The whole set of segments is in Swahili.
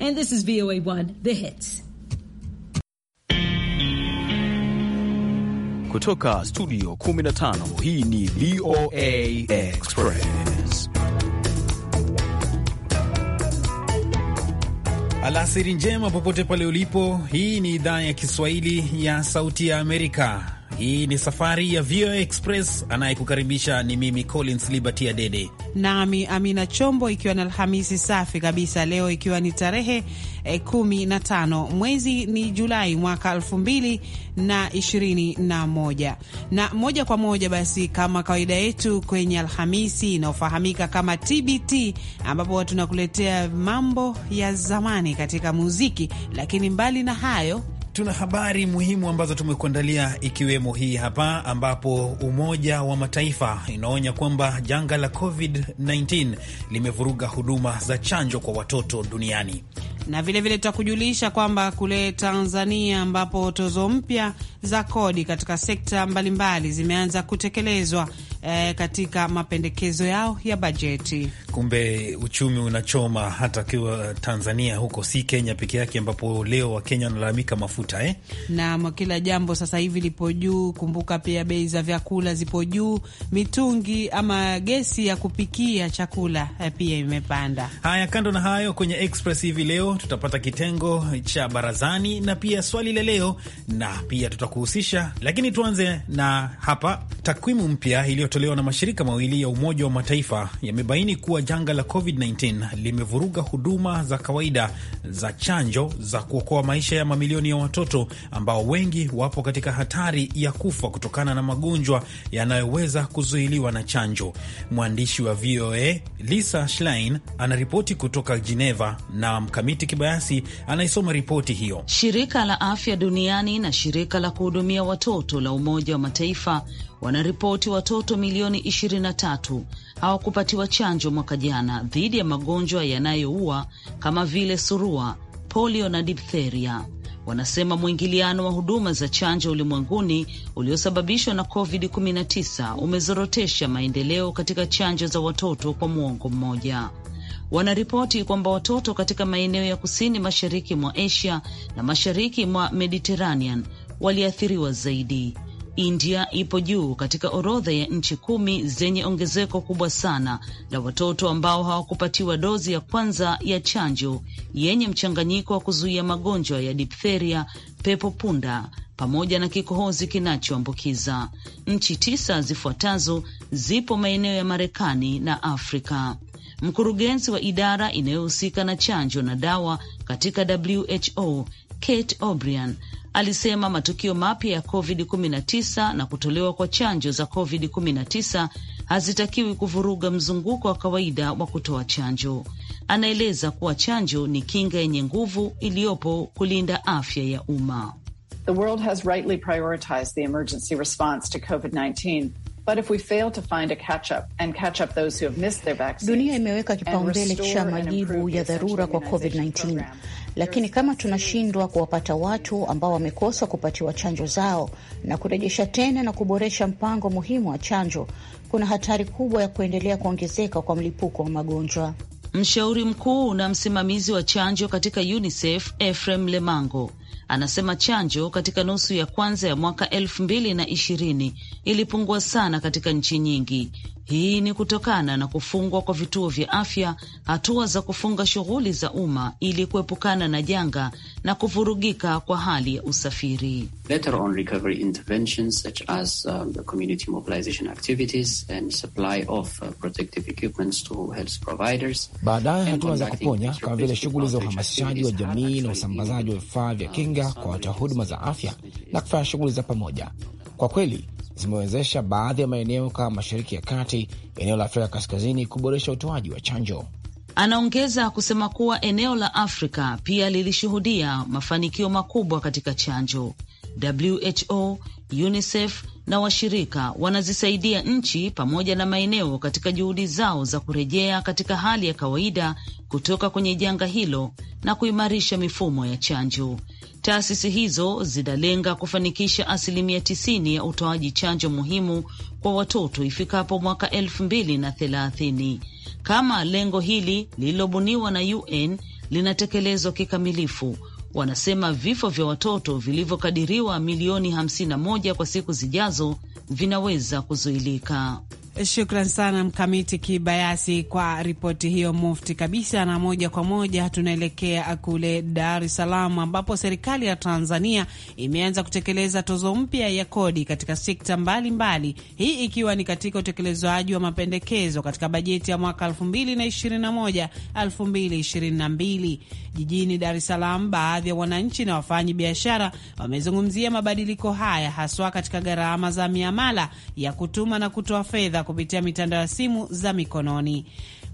And this is VOA1, the hits. Kutoka studio 15 hii ni VOA Express. Alasiri njema popote pale ulipo. Hii ni idhaa ya Kiswahili ya Sauti ya Amerika. Hii ni safari ya VOA Express, anayekukaribisha ni mimi Collins Liberty Adede nami Amina Chombo, ikiwa na Alhamisi safi kabisa leo, ikiwa ni tarehe 15 eh, kumi na tano mwezi ni Julai mwaka elfu mbili na ishirini na moja na moja kwa moja basi, kama kawaida yetu kwenye Alhamisi inayofahamika kama TBT, ambapo tunakuletea mambo ya zamani katika muziki, lakini mbali na hayo tuna habari muhimu ambazo tumekuandalia ikiwemo hii hapa, ambapo Umoja wa Mataifa inaonya kwamba janga la COVID-19 limevuruga huduma za chanjo kwa watoto duniani na vilevile tutakujulisha kwamba kule Tanzania ambapo tozo mpya za kodi katika sekta mbalimbali zimeanza kutekelezwa eh, katika mapendekezo yao ya bajeti. Kumbe uchumi unachoma hata akiwa Tanzania huko, si Kenya peke yake, ambapo leo Wakenya wanalalamika mafuta eh? Naam, kila jambo sasa hivi lipo juu. Kumbuka pia bei za vyakula zipo juu, mitungi ama gesi ya kupikia chakula eh, pia imepanda. Haya, kando na hayo, kwenye Express hivi leo tutapata kitengo cha barazani na pia swali la leo na pia tutakuhusisha, lakini tuanze na hapa takwimu mpya iliyo yaliyotolewa na mashirika mawili ya Umoja wa Mataifa yamebaini kuwa janga la COVID-19 limevuruga huduma za kawaida za chanjo za kuokoa maisha ya mamilioni ya watoto ambao wengi wapo katika hatari ya kufa kutokana na magonjwa yanayoweza kuzuiliwa na chanjo. Mwandishi wa VOA Lisa Schlein anaripoti kutoka Geneva na Mkamiti Kibayasi anaisoma ripoti hiyo. Shirika la Afya Duniani na shirika la kuhudumia watoto la Umoja wa Mataifa wanaripoti watoto milioni 23 hawakupatiwa chanjo mwaka jana dhidi ya magonjwa yanayoua kama vile surua, polio na diptheria Wanasema mwingiliano wa huduma za chanjo ulimwenguni uliosababishwa na COVID-19 umezorotesha maendeleo katika chanjo za watoto kwa mwongo mmoja. Wanaripoti kwamba watoto katika maeneo ya kusini mashariki mwa Asia na mashariki mwa Mediterranean waliathiriwa zaidi. India ipo juu katika orodha ya nchi kumi zenye ongezeko kubwa sana la watoto ambao hawakupatiwa dozi ya kwanza ya chanjo yenye mchanganyiko wa kuzuia magonjwa ya diptheria pepo punda pamoja na kikohozi kinachoambukiza. Nchi tisa zifuatazo zipo maeneo ya Marekani na Afrika. Mkurugenzi wa idara inayohusika na chanjo na dawa katika WHO Kate O'Brien alisema matukio mapya ya COVID-19 na kutolewa kwa chanjo za COVID-19 hazitakiwi kuvuruga mzunguko wa kawaida wa kutoa chanjo. Anaeleza kuwa chanjo ni kinga yenye nguvu iliyopo kulinda afya ya umma. The world has rightly prioritized the emergency response to COVID-19. Dunia imeweka kipaumbele cha majibu ya dharura kwa COVID-19, lakini kama tunashindwa kuwapata watu ambao wamekosa kupatiwa chanjo zao na kurejesha tena na kuboresha mpango muhimu wa chanjo, kuna hatari kubwa ya kuendelea kuongezeka kwa mlipuko wa magonjwa. Mshauri mkuu na msimamizi wa chanjo katika UNICEF Efrem Lemango anasema chanjo katika nusu ya kwanza ya mwaka elfu mbili na ishirini ilipungua sana katika nchi nyingi, hii ni kutokana na kufungwa kwa vituo vya afya, hatua za kufunga shughuli za umma ili kuepukana na janga na kuvurugika kwa hali ya usafiri. Um, uh, Baadaye hatua za kuponya kama vile shughuli za uhamasishaji wa jamii na usambazaji wa vifaa vya kinga um, kwa watoa huduma za afya na kufanya shughuli za pamoja. Kwa kweli zimewezesha baadhi ya maeneo kama Mashariki ya Kati, eneo la Afrika Kaskazini kuboresha utoaji wa chanjo. Anaongeza kusema kuwa eneo la Afrika pia lilishuhudia mafanikio makubwa katika chanjo. WHO, UNICEF na washirika wanazisaidia nchi pamoja na maeneo katika juhudi zao za kurejea katika hali ya kawaida kutoka kwenye janga hilo na kuimarisha mifumo ya chanjo. Taasisi hizo zinalenga kufanikisha asilimia tisini ya utoaji chanjo muhimu kwa watoto ifikapo mwaka elfu mbili na thelathini. Kama lengo hili lililobuniwa na UN linatekelezwa kikamilifu wanasema vifo vya watoto vilivyokadiriwa milioni 51 kwa siku zijazo vinaweza kuzuilika. Shukran sana Mkamiti Kibayasi kwa ripoti hiyo mufti kabisa. Na moja kwa moja tunaelekea kule Dar es Salaam, ambapo serikali ya Tanzania imeanza kutekeleza tozo mpya ya kodi katika sekta mbalimbali, hii ikiwa ni katika utekelezaji wa mapendekezo katika bajeti ya mwaka 2021 2022. Jijini Dar es Salaam, baadhi ya wananchi na wafanyi biashara wamezungumzia mabadiliko haya, haswa katika gharama za miamala ya kutuma na kutoa fedha kupitia mitandao ya simu za mikononi.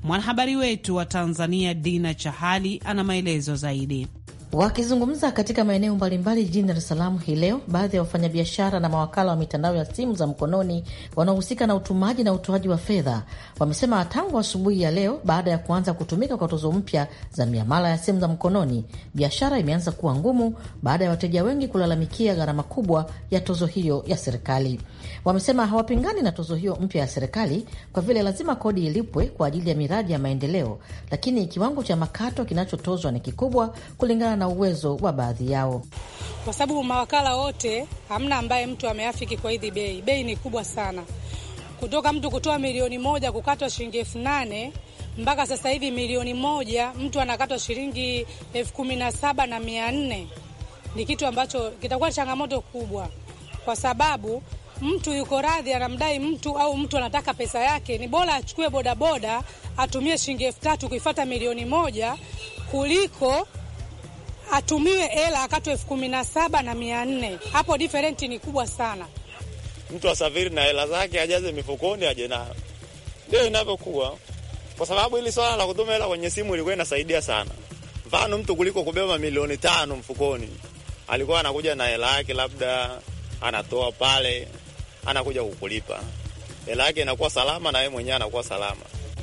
Mwanahabari wetu wa Tanzania Dina Chahali ana maelezo zaidi. Wakizungumza katika maeneo mbalimbali jijini Dar es Salaam hii leo, baadhi ya wafanyabiashara na mawakala wa mitandao ya simu za mkononi wanaohusika na utumaji na utoaji wa fedha wamesema tangu asubuhi wa ya leo, baada ya kuanza kutumika kwa tozo mpya za miamala ya simu za mkononi, biashara imeanza kuwa ngumu baada ya wateja wengi kulalamikia gharama kubwa ya tozo hiyo ya serikali. Wamesema hawapingani na tozo hiyo mpya ya serikali kwa vile lazima kodi ilipwe kwa ajili ya miradi ya maendeleo, lakini kiwango cha makato kinachotozwa ni kikubwa kulingana na na uwezo wa baadhi yao, kwa sababu mawakala wote hamna ambaye mtu ameafiki kwa hizi bei. Bei ni kubwa sana, kutoka mtu kutoa milioni moja kukatwa shilingi elfu nane mpaka sasa hivi milioni moja mtu anakatwa shilingi elfu kumi na saba na mia nne ni kitu ambacho kitakuwa changamoto kubwa, kwa sababu mtu yuko radhi, anamdai mtu au mtu anataka pesa yake, ni bora achukue bodaboda atumie shilingi elfu tatu kuifata milioni moja kuliko atumiwe hela akatwe elfu kumi na saba na mia nne. Hapo diferenti ni kubwa sana. Mtu asafiri na hela zake ajaze mifukoni aje nayo, ndio inavyokuwa, kwa sababu hili swala la kutuma hela kwenye simu ilikuwa inasaidia sana. Mfano, mtu kuliko kubeba milioni tano mfukoni, alikuwa anakuja na hela yake, labda anatoa pale, anakuja kukulipa hela yake, inakuwa salama na yeye mwenyewe anakuwa salama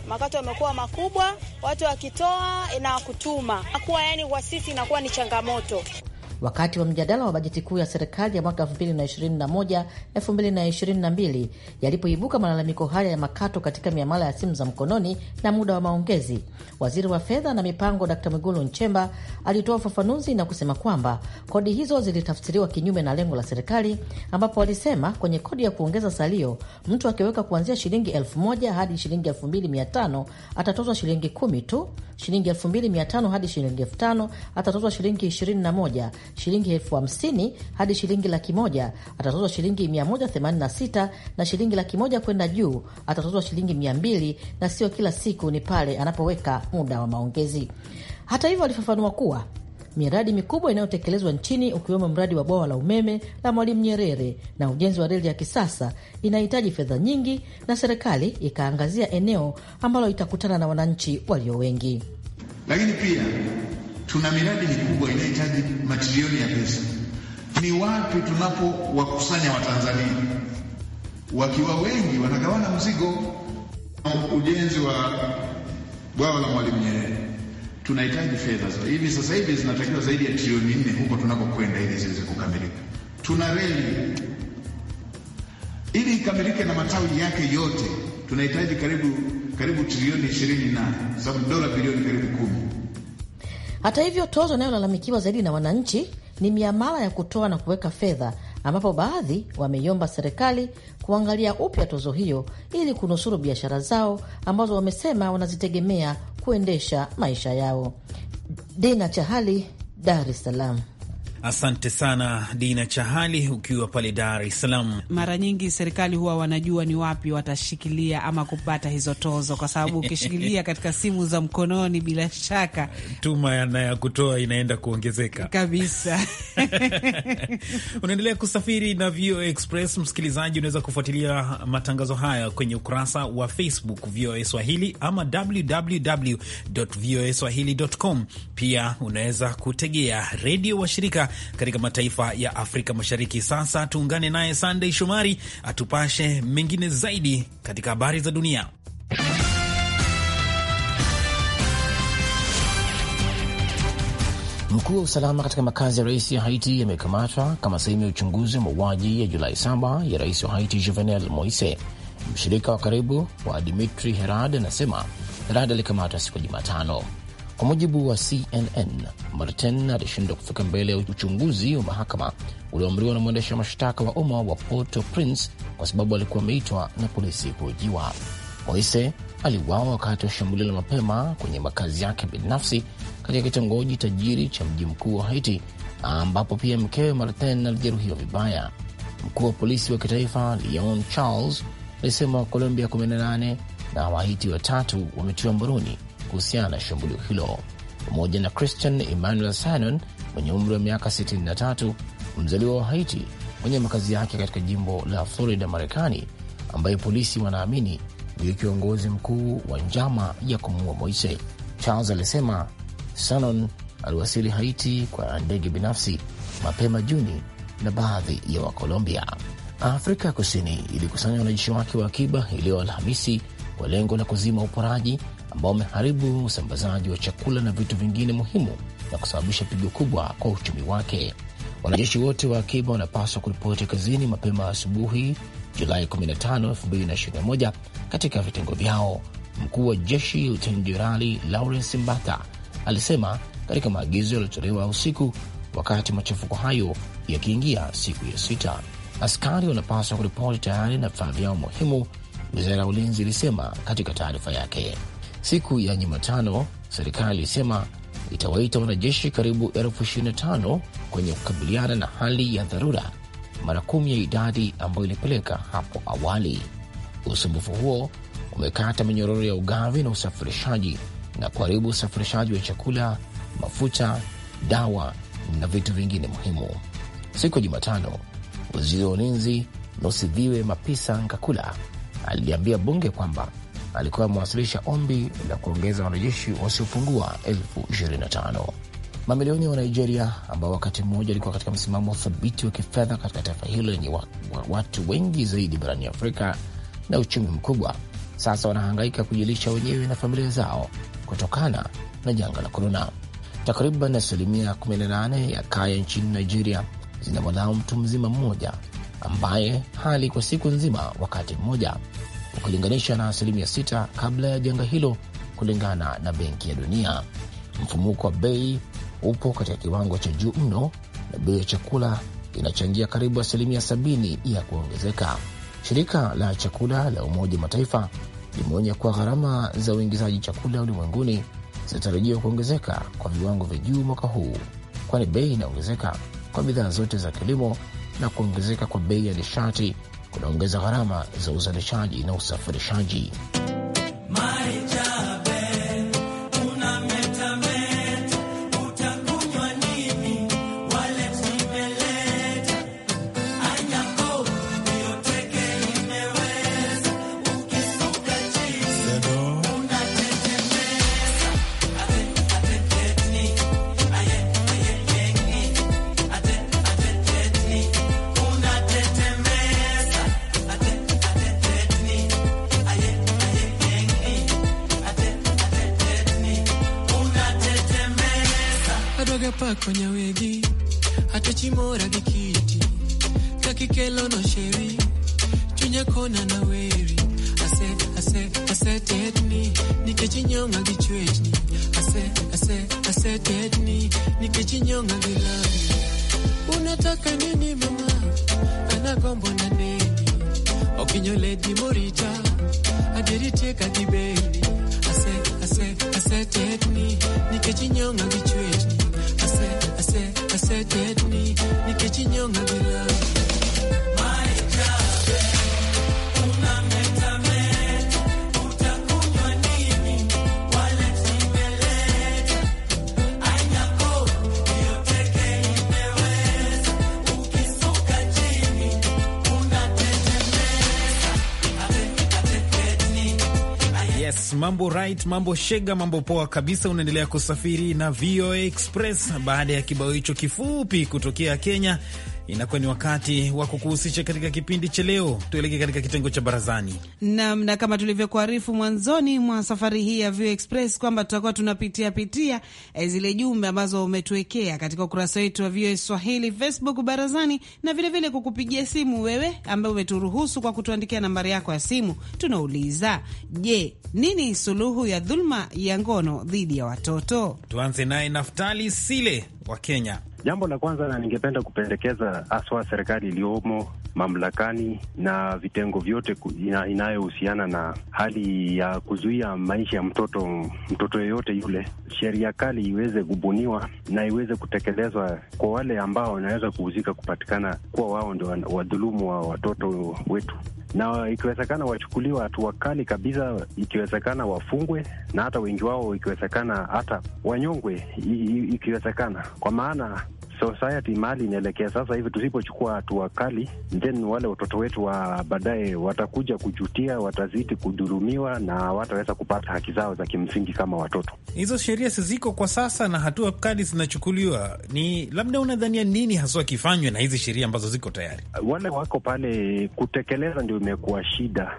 makato yamekuwa makubwa, watu wakitoa na kutuma kuwa yani kwa sisi inakuwa ni changamoto wakati wa mjadala wa bajeti kuu ya serikali ya mwaka 2021 2022, yalipoibuka malalamiko haya ya makato katika miamala ya simu za mkononi na muda wa maongezi. Waziri wa fedha na mipango d Mwigulu Nchemba alitoa ufafanuzi na kusema kwamba kodi hizo zilitafsiriwa kinyume na lengo la serikali, ambapo walisema kwenye kodi ya kuongeza salio, mtu akiweka kuanzia shilingi elfu moja hadi shilingi elfu mbili mia tano atatozwa shilingi kumi tu, shilingi elfu mbili mia tano hadi shilingi elfu tano atatozwa shilingi ishirini na moja shilingi elfu hamsini hadi shilingi laki moja atatozwa shilingi themanini na shilingi laki moja kwenda juu atatozwa shilingi mbili na sio kila siku, ni pale anapoweka muda wa maongezi. Hata hivyo, alifafanua kuwa miradi mikubwa inayotekelezwa nchini ukiwemo mradi wa bwawa la umeme la Mwalimu Nyerere na ujenzi wa reli ya kisasa inahitaji fedha nyingi, na serikali ikaangazia eneo ambalo itakutana na wananchi walio wengi. Lakini pia Tuna miradi mikubwa inayohitaji matrilioni ya pesa. Ni wapi tunapowakusanya Watanzania wakiwa wengi wanagawana mzigo? Ujenzi wa bwawa la Mwalimu Nyerere tunahitaji fedha za hivi, sasa hivi zinatakiwa zaidi ya trilioni nne huko tunakokwenda, ili ziweze kukamilika. Tuna reli, ili ikamilike na matawi yake yote tunahitaji karibu karibu trilioni ishirini na sababu dola bilioni karibu kumi hata hivyo, tozo inayolalamikiwa zaidi na wananchi ni miamala ya kutoa na kuweka fedha, ambapo baadhi wameiomba serikali kuangalia upya tozo hiyo ili kunusuru biashara zao ambazo wamesema wanazitegemea kuendesha maisha yao. Dina Chahali, Dar es Salaam. Asante sana Dina Chahali, ukiwa pale Dar es Salaam. Mara nyingi serikali huwa wanajua ni wapi watashikilia ama kupata hizo tozo, kwa sababu ukishikilia katika simu za mkononi, bila shaka tuma na ya kutoa inaenda kuongezeka kabisa. Unaendelea kusafiri na VOA Express. Msikilizaji, unaweza kufuatilia matangazo haya kwenye ukurasa wa Facebook VOA Swahili ama www voa swahili com. Pia unaweza kutegea redio washirika katika mataifa ya Afrika Mashariki. Sasa tuungane naye sandey Shomari atupashe mengine zaidi katika habari za dunia. Mkuu wa usalama katika makazi ya rais ya Haiti amekamatwa kama sehemu ya uchunguzi wa mauaji ya Julai 7 ya rais wa Haiti Juvenel Moise. Mshirika wa karibu wa Dimitri Herad anasema Herad alikamatwa siku ya Jumatano. Kwa mujibu wa CNN, Martin alishindwa kufika mbele ya uchunguzi wa mahakama ulioamriwa na mwendesha mashtaka wa umma wa Porto Prince kwa sababu alikuwa ameitwa na polisi kuhojiwa. Moise aliuawa wakati wa shambulio la mapema kwenye makazi yake binafsi katika kitongoji tajiri cha mji mkuu wa Haiti, ambapo pia mkewe Martin alijeruhiwa vibaya. Mkuu wa polisi wa kitaifa Leon Charles alisema Colombia 18 na Wahaiti watatu wametiwa mbaroni kuhusiana na shambulio hilo, pamoja na Christian Emmanuel Sanon mwenye umri wa miaka 63 mzaliwa wa Haiti mwenye makazi yake katika jimbo la Florida, Marekani, ambaye polisi wanaamini ndiyo kiongozi mkuu wa njama ya kumuua Moise. Charles alisema Sanon aliwasili Haiti kwa ndege binafsi mapema Juni na baadhi ya Wakolombia. Afrika ya Kusini ilikusanya wanajeshi wake wa akiba iliyo Alhamisi kwa lengo la kuzima uporaji ambao umeharibu usambazaji wa chakula na vitu vingine muhimu na kusababisha pigo kubwa kwa uchumi wake. Wanajeshi wote wa akiba wanapaswa kuripoti kazini mapema asubuhi Julai 15, 2021 katika vitengo vyao. Mkuu wa jeshi Luteni Jenerali Lawrence Mbata alisema katika maagizo yaliyotolewa usiku, wakati machafuko hayo yakiingia siku ya sita. Askari wanapaswa kuripoti tayari na vifaa vyao muhimu, wizara ya ulinzi ilisema katika taarifa yake. Siku ya Jumatano, serikali ilisema itawaita wanajeshi karibu elfu kwenye kukabiliana na hali ya dharura, mara kumi ya idadi ambayo ilipeleka hapo awali. Usumbufu huo umekata minyororo ya ugavi na usafirishaji na kuharibu usafirishaji wa chakula, mafuta, dawa na vitu vingine muhimu. Siku ya Jumatano, waziri wa ulinzi Nosidhiwe Mapisa Ngakula aliliambia bunge kwamba alikuwa amewasilisha ombi la kuongeza wanajeshi wasiopungua elfu 25. Mamilioni ya Wanigeria ambao wakati mmoja walikuwa katika msimamo thabiti wa kifedha katika taifa hilo lenye watu wengi zaidi barani Afrika na uchumi mkubwa, sasa wanahangaika kujilisha wenyewe na familia zao kutokana na janga la korona. Takriban asilimia 18 ya kaya nchini Nigeria zinamwalau mtu mzima mmoja ambaye hali kwa siku nzima wakati mmoja ukilinganisha na asilimia sita kabla ya janga hilo, kulingana na Benki ya Dunia. Mfumuko wa bei upo katika kiwango cha juu mno na bei ya chakula inachangia karibu asilimia sabini ya kuongezeka. Shirika la chakula la Umoja wa Mataifa limeonya kuwa gharama za uingizaji chakula ulimwenguni zinatarajiwa kuongezeka kwa viwango vya juu mwaka huu, kwani bei inaongezeka kwa bidhaa zote za kilimo na kuongezeka kwa bei ya nishati kunaongeza gharama za uzalishaji na usafirishaji. Mambo right, mambo shega, mambo poa kabisa. Unaendelea kusafiri na VOA Express baada ya kibao hicho kifupi kutokea Kenya inakuwa ni wakati wa kukuhusisha katika kipindi cha leo. Tuelekee katika kitengo cha barazani nam, na kama tulivyokuarifu mwanzoni mwa safari hii ya View Express kwamba tutakuwa tunapitia pitia eh, zile jumbe ambazo umetuwekea katika ukurasa wetu wa vo Swahili Facebook barazani, na vilevile kukupigia simu wewe ambaye umeturuhusu kwa kutuandikia nambari yako ya simu. Tunauliza, je, nini suluhu ya dhuluma ya ngono dhidi ya watoto? Tuanze naye Naftali Sile wa Kenya? Jambo la kwanza, na ningependa kupendekeza haswa serikali iliyomo mamlakani na vitengo vyote ina, inayohusiana na hali ya kuzuia maisha ya mtoto mtoto yeyote yule, sheria kali iweze kubuniwa na iweze kutekelezwa kwa wale ambao wanaweza kuhuzika kupatikana kuwa wao ndio wadhulumu wa watoto wetu na ikiwezekana wachukuliwa hatua kali kabisa, ikiwezekana wafungwe na hata wengi wao ikiwezekana hata wanyongwe, ikiwezekana, kwa maana society mahali inaelekea sasa hivi, tusipochukua hatua kali, then wale watoto wetu wa baadaye watakuja kujutia, watazidi kudhurumiwa na wataweza kupata haki zao za kimsingi kama watoto. Hizo sheria siziko kwa sasa na hatua kali zinachukuliwa. Ni labda unadhania nini haswa kifanywe na hizi sheria ambazo ziko tayari? Wale wako pale kutekeleza ndio imekuwa shida,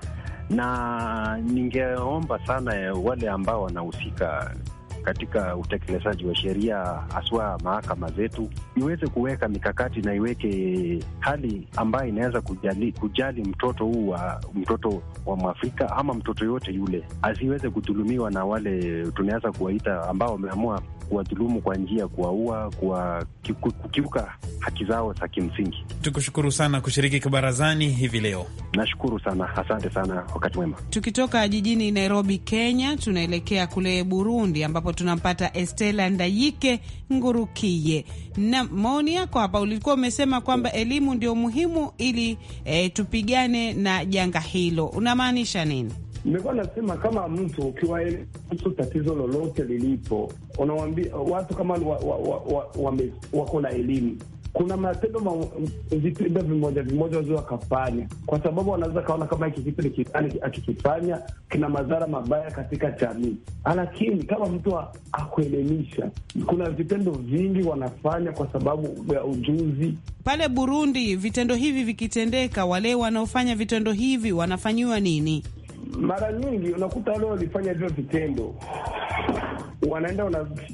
na ningeomba sana eh, wale ambao wanahusika katika utekelezaji wa sheria haswa mahakama zetu iweze kuweka mikakati na iweke hali ambayo inaweza kujali, kujali mtoto huu wa mtoto wa Mwafrika ama mtoto yote yule asiweze kudhulumiwa na wale tunaweza kuwaita ambao wameamua kuwadhulumu kwa njia ya kuwaua, kukiuka haki zao za kimsingi. Tukushukuru sana kushiriki kibarazani hivi leo. Nashukuru sana, asante sana, wakati mwema. Tukitoka jijini Nairobi, Kenya, tunaelekea kule Burundi ambapo ambapo tunampata Estela Ndayike Ngurukiye. Na maoni yako hapa, ulikuwa umesema kwamba elimu ndio muhimu ili e, tupigane na janga hilo, unamaanisha nini? Nimekuwa nasema kama mtu kuhusu tatizo lolote lilipo, unawambia watu kama wa, wa, wa, wa, wako na elimu kuna matendo vitendo vimoja vimoja wazi wakafanya, kwa sababu wanaweza kaona kama hiki kitu ni akikifanya kina madhara mabaya katika jamii. Lakini kama mtu akuelimisha, kuna vitendo vingi wanafanya kwa sababu ya ujuzi. Pale Burundi, vitendo hivi vikitendeka, wale wanaofanya vitendo hivi wanafanyiwa nini? Mara nyingi unakuta wale walifanya hivyo vitendo wanaenda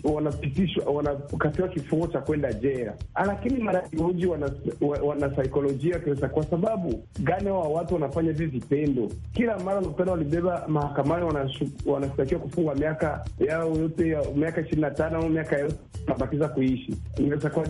wanapitishwa, wana wanakatiwa kifungo cha kwenda jera, ah, lakini mara nyingi wana, wana saikolojia Kwa sababu gani? wa watu wanafanya hivi vitendo kila mara, nakutana walibeba mahakamani, wanashtakiwa kufungwa miaka yao yote ya miaka ishirini na tano au miaka yote wanabakiza kuishi. Sasa kwa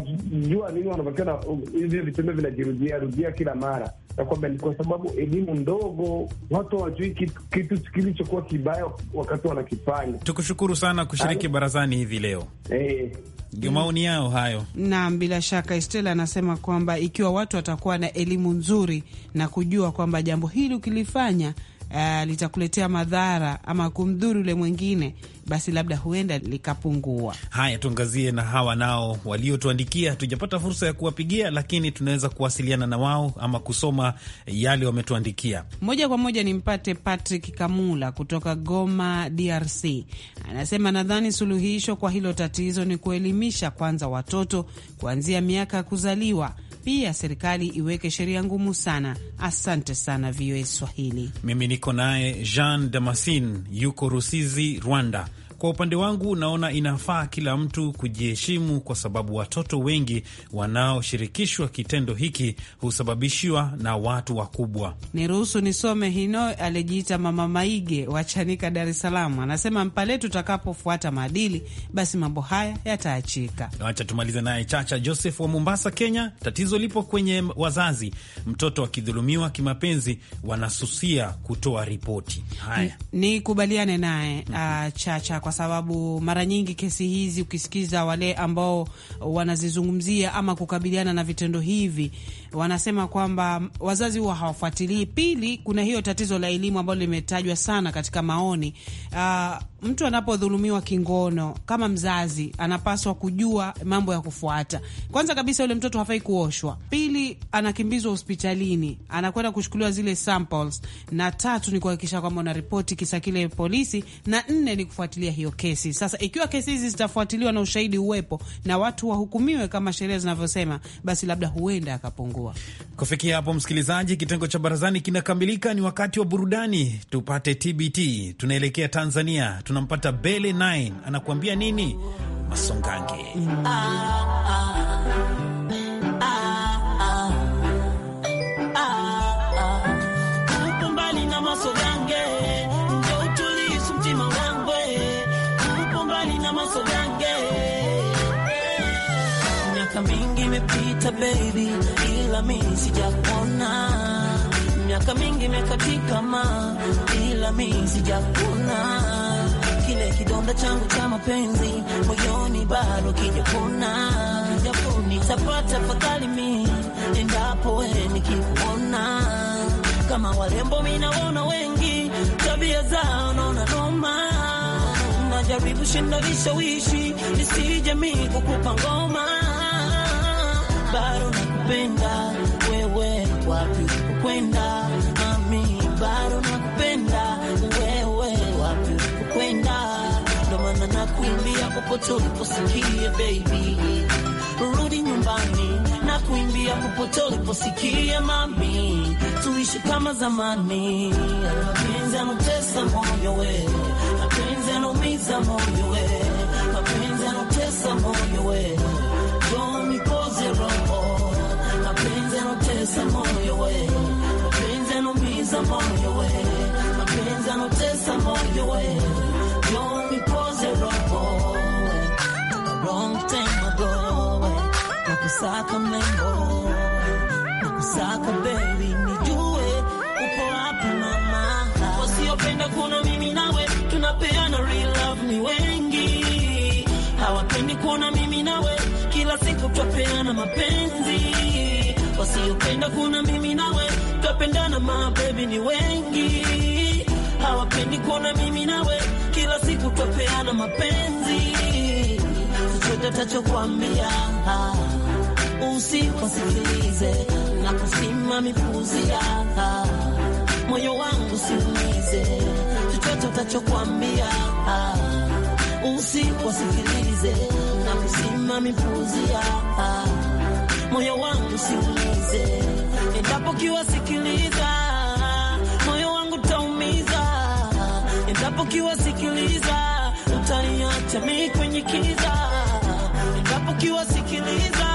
jua nini wanabakiwa na uh, hivi vitendo vinajirudia rudia kila mara? Na kwamba ni kwa sababu elimu ndogo, watu hawajui kitu kilichokuwa kibaya wakati wanakifanya. Tukushukuru sana kushiriki wanashiriki barazani hivi leo hey. Eh. Ndio maoni yao hayo. Naam, bila shaka Estela anasema kwamba ikiwa watu watakuwa na elimu nzuri na kujua kwamba jambo hili ukilifanya uh, litakuletea madhara ama kumdhuru yule mwingine, basi labda huenda likapungua. Haya, tuangazie na hawa nao waliotuandikia. Tujapata fursa ya kuwapigia, lakini tunaweza kuwasiliana na wao ama kusoma yale wametuandikia moja kwa moja. Nimpate Patrick Kamula kutoka Goma, DRC. Anasema nadhani suluhisho kwa hilo tatizo ni kuelimisha kwanza watoto kuanzia miaka ya kuzaliwa pia serikali iweke sheria ngumu sana. Asante sana VOA Swahili. Mimi niko naye Jean damasin yuko Rusizi, Rwanda. Kwa upande wangu, naona inafaa kila mtu kujiheshimu, kwa sababu watoto wengi wanaoshirikishwa kitendo hiki husababishiwa na watu wakubwa. Niruhusu nisome hino, alijiita Mama Maige wachanika Chanika, Dar es Salaam, anasema mpale tutakapofuata maadili, basi mambo haya yataachika. Acha tumalize naye Chacha Joseph wa Mombasa, Kenya. Tatizo lipo kwenye wazazi. Mtoto akidhulumiwa kimapenzi, wanasusia kutoa ripoti. Haya, nikubaliane naye mm -hmm. uh, Chacha kwa sababu mara nyingi kesi hizi ukisikiza wale ambao wanazizungumzia ama kukabiliana na vitendo hivi wanasema kwamba wazazi huwa hawafuatilii. Pili, kuna hiyo tatizo la elimu ambalo limetajwa sana katika maoni. Uh, mtu anapodhulumiwa kingono kama mzazi anapaswa kujua mambo ya kufuata. Kwanza kabisa, yule mtoto hafai kuoshwa. Pili, anakimbizwa hospitalini, anakwenda kuchukuliwa zile samples, na tatu ni kuhakikisha kwamba unaripoti kisa kile polisi, na nne ni kufuatilia hiyo kesi. Sasa ikiwa kesi hizi zitafuatiliwa na ushahidi uwepo na watu wahukumiwe kama sheria zinavyosema, basi labda huenda akapungua kupungua. Kufikia hapo, msikilizaji, kitengo cha barazani kinakamilika. Ni wakati wa burudani, tupate TBT. Tunaelekea Tanzania, tunampata Bele 9 anakuambia nini? Masongange mm. ah, ah, baby mimi sijakona, miaka mingi imekatika ma, ila mimi sijakona, kile kidonda changu cha mapenzi moyoni bado kijapona, japo nitapata fadhali mimi endapo wewe nikikuona, kama warembo mimi naona wengi, tabia zao naona noma, najaribu shinda vishawishi nisije mimi kukupa ngoma bado nakupenda wewe, wapi kwenda mami, bado nakupenda wewe, wapi kwenda, ndo maana nakuimbia popote uliposikia baby, rudi nyumbani, nakuimbia popote uliposikia mami, tuishi kama zamani, mapenzi yanatesa moyo wewe, mapenzi yanaumiza moyo wewe, mapenzi yanatesa moyo wewe anatesa moyo we, mapenzi anaumiza moyo we, mapenzi anatesa moyo we, yo nipoze roho wrong time ago we, nakusaka mlembo, nakusaka baby, nijue upo wapi mama, wasiopenda kuona mimi nawe tunapeana real love ni wengi, hawapendi kuona mimi nawe kila siku twapeana mapenzi wasiopenda kuna mimi nawe, tapendana mabebi ni wengi, hawapendi kuna mimi nawe, kila siku twapeana mapenzi, chochote tachokwambia usikosikilize na kusima mipuzia moyo wangu siumize, chochote tachokwambia usikosikilize na kusima mipuzia moyo wangu siumize nisikilize, endapo kiwasikiliza moyo wangu taumiza, endapo kiwasikiliza utaiacha mi kwenye kiza, endapo kiwasikiliza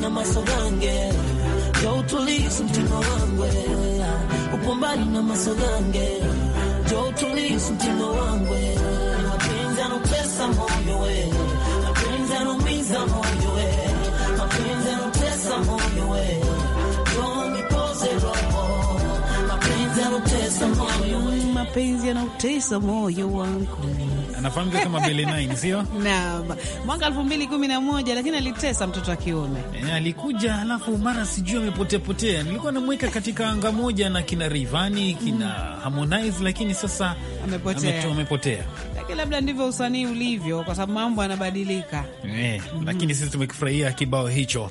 na masogange ya utulizi mtima wangu, ukumbani na masogange Njoo utulize mtima wangu, mapenzi yanopesa moyo, mapenzi yanayotesa moyo wangu. Anafahamika kama bele9 sio? Naam, mwaka 2011 lakini alitesa mtoto wa kiume. E, alikuja alafu mara sijui amepotea potea. Nilikuwa namweka katika anga moja na kina Rivani, kina mm, Harmonize lakini sasa amepotea. Amepotea. Maanake labda ndivyo usanii ulivyo, kwa sababu mambo yanabadilika eh, mm -hmm. Lakini sisi tumekifurahia kibao hicho.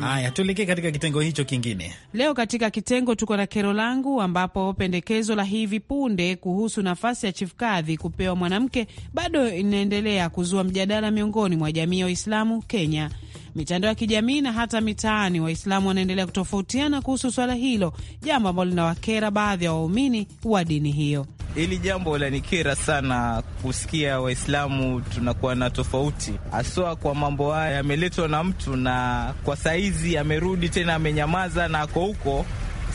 haya tuelekee katika kitengo hicho kingine. Leo katika kitengo tuko na kero langu, ambapo pendekezo la hivi punde kuhusu nafasi ya chifukadhi kupewa mwanamke bado inaendelea kuzua mjadala miongoni mwa jamii ya Waislamu Kenya mitandao ya kijamii na hata mitaani, Waislamu wanaendelea kutofautiana kuhusu swala hilo, jambo ambalo linawakera baadhi ya waumini wa dini hiyo. Hili jambo lanikera sana kusikia Waislamu tunakuwa na tofauti haswa kwa mambo haya yameletwa na mtu, na kwa saizi amerudi tena amenyamaza na ako huko,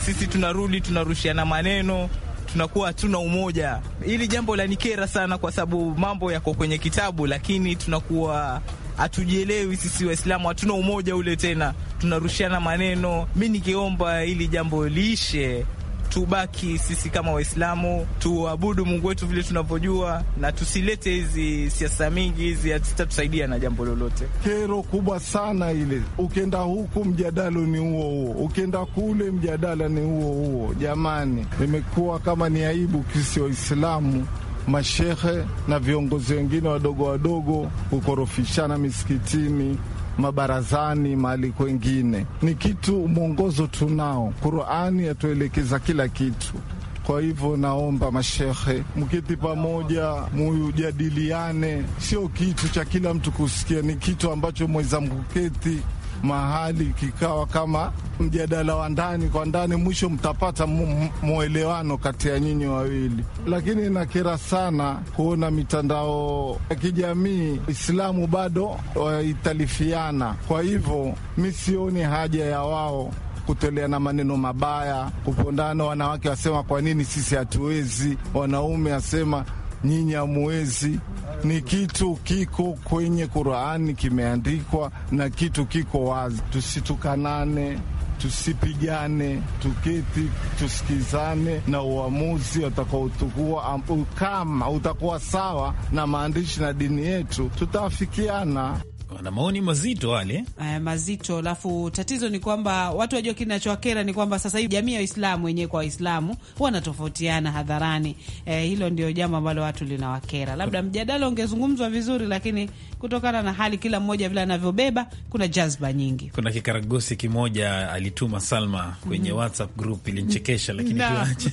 sisi tunarudi tunarushiana maneno tunakuwa hatuna umoja. Hili jambo lanikera sana kwa sababu mambo yako kwenye kitabu, lakini tunakuwa hatujielewi sisi Waislamu, hatuna umoja ule tena, tunarushiana maneno. Mi nikiomba hili jambo liishe, tubaki sisi kama Waislamu, tuabudu Mungu wetu vile tunavyojua, na tusilete hizi siasa mingi hizi, hazitatusaidia na jambo lolote. Kero kubwa sana ile, ukienda huku mjadalo ni huo huo, ukienda kule mjadala ni huo huo. Jamani, imekuwa kama ni aibu kisi Waislamu mashehe na viongozi wengine wadogo wadogo hukorofishana misikitini mabarazani mahali kwengine. Ni kitu mwongozo tunao, Qurani yatuelekeza kila kitu. Kwa hivyo naomba mashehe mketi pamoja, mujadiliane. Sio kitu cha kila mtu kusikia, ni kitu ambacho mweza mkuketi mahali kikawa kama mjadala wa ndani kwa ndani, mwisho mtapata mwelewano kati ya nyinyi wawili. Lakini nakera sana kuona mitandao ya kijamii waislamu bado waitalifiana. Kwa hivyo mi sioni haja ya wao kutoleana maneno mabaya, kupondana. Wanawake wasema kwa nini sisi hatuwezi, wanaume asema nyinyi hamuwezi. Ni kitu kiko kwenye Qurani kimeandikwa, na kitu kiko wazi. Tusitukanane, tusipigane, tuketi, tusikizane, na uamuzi utakaotukua kama utakuwa sawa na maandishi na dini yetu, tutaafikiana wana maoni mazito wale, aya mazito. Alafu tatizo ni kwamba watu wajua, kinachowakera ni kwamba sasa hivi jamii ya Waislamu wenyewe kwa Waislamu wanatofautiana hadharani. Eh, hilo ndio jambo ambalo watu linawakera. Labda mjadala ungezungumzwa vizuri, lakini kutokana na hali kila mmoja vile anavyobeba, kuna jazba nyingi. Kuna kikaragosi kimoja alituma Salma kwenye mm -hmm. WhatsApp group ilinchekesha, lakini no. tuache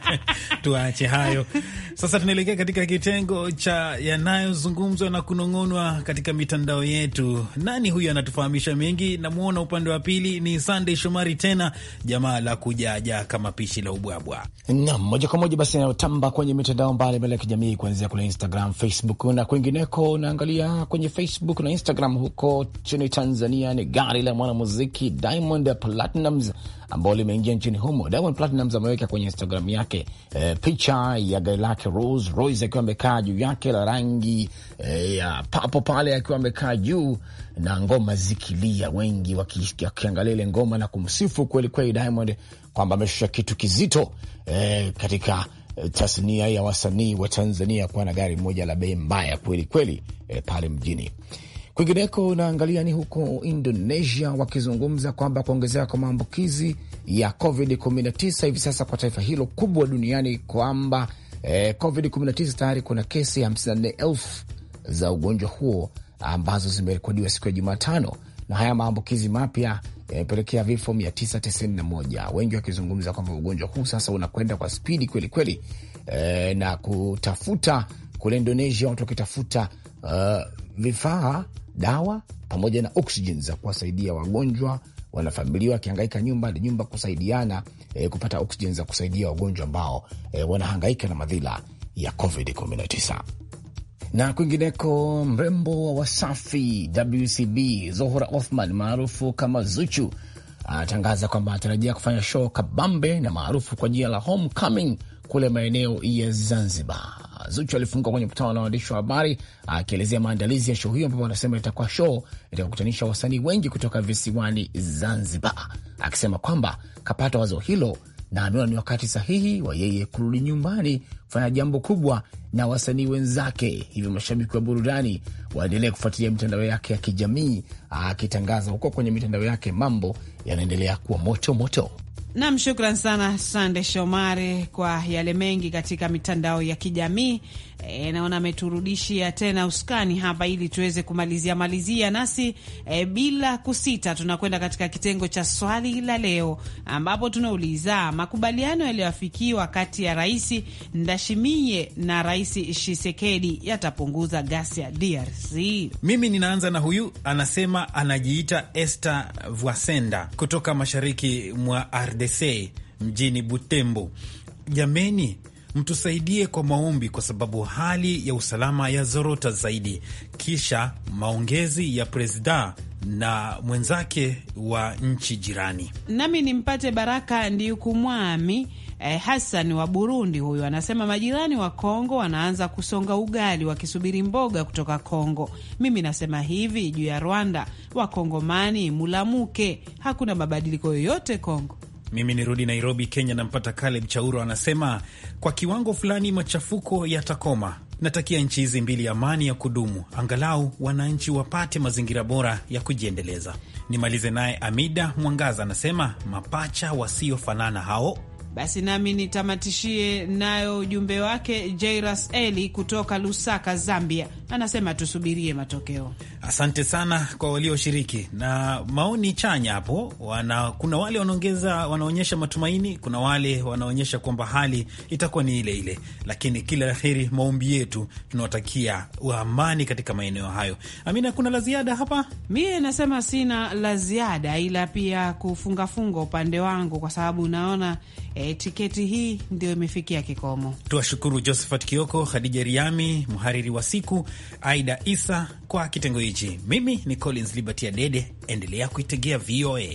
tuache hayo sasa. Tunaelekea katika kitengo cha yanayozungumzwa na kunong'onwa katika mitandao mitandao yetu. Nani huyu anatufahamisha mengi? Namwona upande wa pili ni sandey Shomari, tena jamaa la kujaja kama pishi la ubwabwa. Naam, moja kwa moja basi anayotamba kwenye mitandao mbalimbali ya kijamii, kuanzia kule Instagram, Facebook na kwingineko. Unaangalia kwenye Facebook na Instagram huko chini Tanzania, ni gari la mwanamuziki Diamond Platinumz ambao limeingia nchini humo. Diamond Platnumz ameweka kwenye Instagram yake e, picha ya gari lake Rolls Royce akiwa amekaa juu yake la rangi e, ya papo pale akiwa amekaa juu na ngoma zikilia, wengi wakiangalia ile ngoma na kumsifu kweli kweli Diamond kwamba ameshusha kitu kizito e, katika tasnia ya wasanii wa Tanzania kuwa na gari moja la bei mbaya kweli kweli, e, pale mjini Kwingineko unaangalia ni huko Indonesia, wakizungumza kwamba kuongezeka kwa maambukizi ya COVID-19 hivi sasa kwa taifa hilo kubwa duniani kwamba eh, COVID-19 tayari kuna kesi 54,000 za ugonjwa huo ambazo zimerekodiwa siku ya Jumatano, na haya maambukizi mapya yamepelekea vifo 991, wengi wakizungumza kwamba ugonjwa huu sasa unakwenda kwa spidi kwelikweli kweli, eh, na kutafuta kule Indonesia watu wakitafuta uh, vifaa, dawa pamoja na oksijeni za kuwasaidia wagonjwa wanafamilia wakihangaika nyumba na nyumba kusaidiana, e, kupata oksijeni za kusaidia wagonjwa ambao e, wanahangaika na madhila ya COVID-19. Na kwingineko, mrembo wa Wasafi WCB Zohra Othman maarufu kama Zuchu anatangaza kwamba anatarajia kufanya show kabambe na maarufu kwa jina la Homecoming kule maeneo ya Zanzibar. Zuchu alifungua kwenye mkutano na waandishi wa habari akielezea maandalizi ya show hiyo, ambapo anasema itakuwa show itakukutanisha wasanii wengi kutoka visiwani Zanzibar, akisema kwamba kapata wazo hilo na ameona ni wakati sahihi wa yeye kurudi nyumbani kufanya jambo kubwa na wasanii wenzake. Hivyo mashabiki wa burudani waendelee kufuatilia mitandao yake ya kijamii, akitangaza huko kwenye mitandao yake mambo yanaendelea kuwa moto moto. Nam, shukran sana Sande Shomari kwa yale mengi katika mitandao ya kijamii. E, naona ameturudishia tena usukani hapa ili tuweze kumalizia malizia nasi e, bila kusita tunakwenda katika kitengo cha swali la leo, ambapo tunauliza makubaliano yaliyoafikiwa kati ya Rais Ndashimiye na Rais Shisekedi yatapunguza ghasia DRC. Mimi ninaanza na huyu anasema, anajiita Esther Vuasenda kutoka mashariki mwa RDC mjini Butembo. Jameni, mtusaidie kwa maombi, kwa sababu hali ya usalama ya zorota zaidi. Kisha maongezi ya presida na mwenzake wa nchi jirani. Nami nimpate Baraka Ndiukumwami eh, Hassan wa Burundi. Huyu anasema majirani wa Kongo wanaanza kusonga ugali wakisubiri mboga kutoka Kongo. Mimi nasema hivi juu ya Rwanda, Wakongomani mulamuke, hakuna mabadiliko yoyote Kongo. Mimi nirudi Nairobi, Kenya, nampata Caleb Chauro anasema kwa kiwango fulani machafuko yatakoma. Natakia nchi hizi mbili amani ya kudumu, angalau wananchi wapate mazingira bora ya kujiendeleza. Nimalize naye Amida Mwangaza anasema mapacha wasiofanana hao. Basi nami nitamatishie nayo ujumbe wake Jairas Eli kutoka Lusaka, Zambia anasema tusubirie matokeo. Asante sana kwa walioshiriki na maoni chanya hapo. Wana, kuna wale wanaongeza wanaonyesha matumaini, kuna wale wanaonyesha kwamba hali itakuwa ni ile ile, lakini kila laheri maumbi Maombi yetu tunawatakia amani katika maeneo hayo. Amina, kuna la ziada hapa? Mie nasema sina la ziada, ila pia kufungafunga upande wangu kwa sababu naona E, tiketi hii ndio imefikia kikomo. Tuwashukuru Josephat Kioko, Khadija Riami, mhariri wa siku Aida Isa kwa kitengo hichi. Mimi ni Collins Liberty Adede, endelea kuitegea VOA.